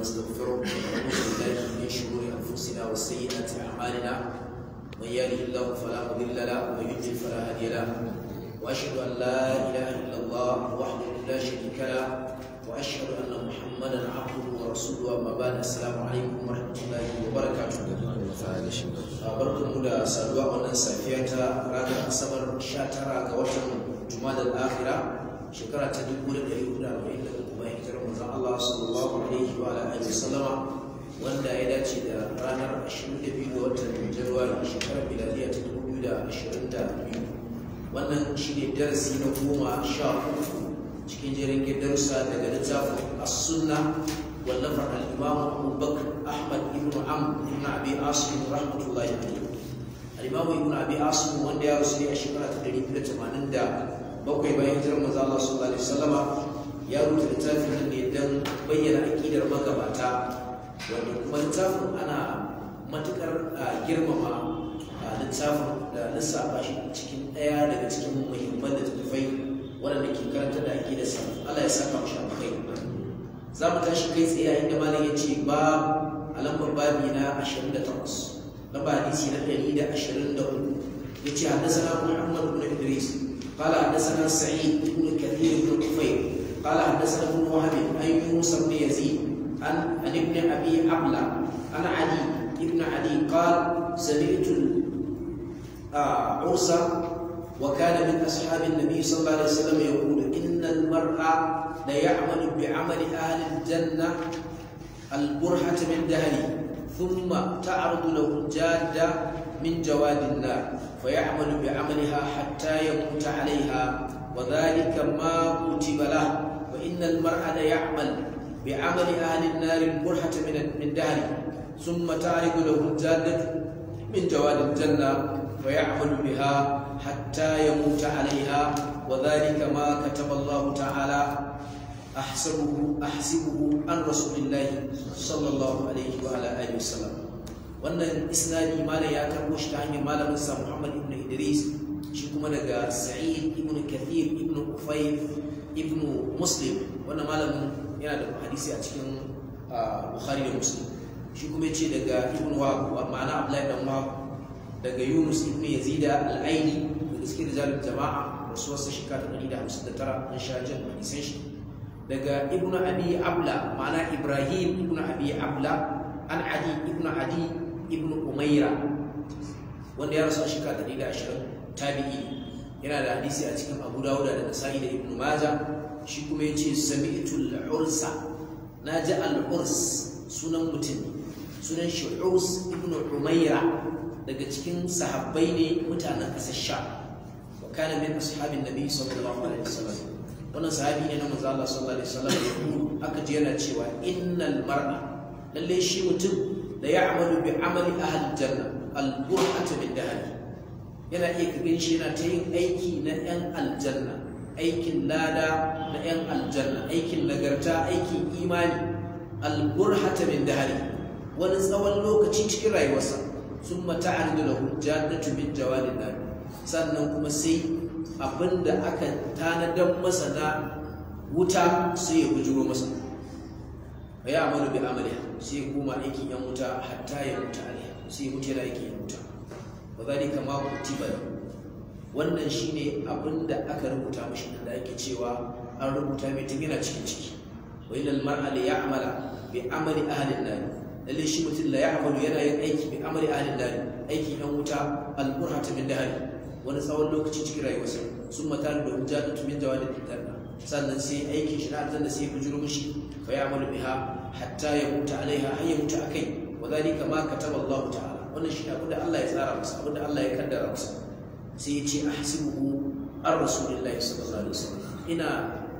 ونستغفره ونعوذ بالله من شرور انفسنا وسيئات اعمالنا من يهده الله فلا مضل له ويضلل فلا هادي له واشهد ان لا اله الا الله وحده لا شريك له واشهد ان محمدا عبده ورسوله اما بعد السلام عليكم ورحمه الله وبركاته barkanmu da saduwa wannan safiya ta ranar asabar 19 ga watan juma'a da akhira shekara ta 1443 bayan hijirar manzon Allah sallallahu alaihi wa wanda ya dace da ranar 22 ga watan Janairu shekarar miladiya ta 2022 wannan shine darasi na goma sha uku cikin jerin darussa daga littafin as-sunna wallafar al-imam Abu Bakr Ahmad ibn Am ibn Abi Asim rahmatullahi alayhi al-imam ibn Abi Asim wanda ya rasu ne a shekara ta 287 bayan hijirar manzo Allah sallallahu alaihi wasallama ya rubuta littafin nan ne don bayyana aƙidar magabata wanda kuma littafin ana matukar girmama littafin da lissafa shi cikin ɗaya daga cikin muhimman da littattafai waɗanda ke karanta da aƙidar sa Allah ya saka mashi abokai za mu tashi kai tsaye a inda malam ya ce ba a lambar babi na 28 da hadisi na hudu. ya ce a nasarar muhammadu na ibn Idris قال حدثنا سعيد بن كثير بن قال حدثنا ابن وهب اي موسى بن يزيد عن عن ابن ابي عملا عن علي ابن علي قال سمعت آه، عرس وكان من اصحاب النبي صلى الله عليه وسلم يقول ان المرء ليعمل بعمل اهل الجنه البرحه من دهره ثم تعرض له الجاده من جواد النار فيعمل بعملها حتى يموت عليها وذلك ما كتب له إن المرأة يعمل بعمل أهل النار البرحة من من دهره ثم تعرض له الجنة من جوال الجنة فيعمل بها حتى يموت عليها وذلك ما كتب الله تعالى أحسبه أحسبه عن رسول الله صلى الله عليه وعلى آله وسلم wannan isnadi malam ya karbo shi ta hanyar malamin sa Muhammad ibn Idris kuma daga sa'id ibn kathir ibn ufayf ibn muslim wannan malamin yana da hadisi a cikin bukhari da muslim shi kuma ce daga ibn wahab ma'ana abdullahi dan wahab daga yunus ibn yazida al-aini daga cikin rijalul jama'a wasu wasu shekara ta 159 an sha jan hadisan shi daga ibn abi abla ma'ana ibrahim ibn abi abla an adi ibn adi ibn umaira wanda ya rasu shekara ta 120 tabi'i yana da hadisi a cikin abu dawuda da nasa'i da ibnu maja shi kuma ya ce sami'tul ursa na ji al'urs sunan mutum sunan shi urs ibnu umaira daga cikin sahabbai ne mutanen ƙasar sha wa kana min ashabin nabi sallallahu alaihi wasallam wannan sahabi ne na manzo Allah sallallahu alaihi wasallam aka ji yana cewa innal mar'a lalle shi mutum da ya amalu bi amali ahli janna al-burhatu min dahri yana iya kagan shi yana ta yin aiki na 'yan aljanna aikin lada na 'yan aljanna aikin nagarta aikin imani alburhata min dahari wani tsawon lokaci cikin rayuwarsa sun mata an da hujja na tumin jawadin nar sannan kuma sai abinda aka tanadan masa na wuta sai ya bujuro masa ya amalu bi amaliya sai kuma koma aikin yan wuta hatta ya mutu alaiha sai ya mutu yana aikin yan wuta wa zalika ma kutiba wannan shine abin da aka rubuta mishi da ake cewa an rubuta mai tun cikin ciki wa ilal mar'a li ya'mala bi amali ahli an-nar lalle shi mutum la ya'malu yana yin aiki bi amali ahli an-nar aiki dan wuta al ta min dahri wani tsawon lokaci cikin rayuwarsa sun matar da wuta hujjatu min jawadi al-janna sannan sai aikin shi na aljanna sai bujuro mishi fa ya'malu biha hatta huta alaiha har ya mutu akai wa kama ma kataba Allah ta'ala wannan shi abu da Allah ya tsara masa abu da Allah ya kaddara masa sai ya ce ahsibuhu an rasulillahi sallallahu alaihi wasallam ina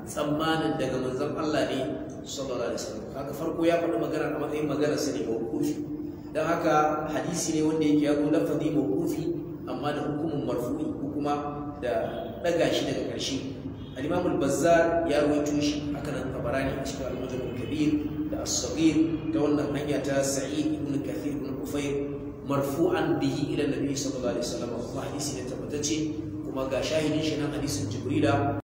tsammanin daga manzon Allah ne sallallahu alaihi wasallam haka farko ya faɗi magana a matsayin magana su ne mawqufi dan haka hadisi ne wanda yake yaro lafazi mawqufi amma da hukumin marfu'i ko kuma da daga shi daga ƙarshe al-imam bazzar ya rawaito shi haka nan tabarani cikin al-mujam kabir da as-saghir ta wannan hanya ta sa'id ibn kathir ibn ufayr marfu'an bihi ila nabi sallallahu alaihi wasallam hadisi ne tabbatacce kuma ga shahidin shi nan hadisin jibrila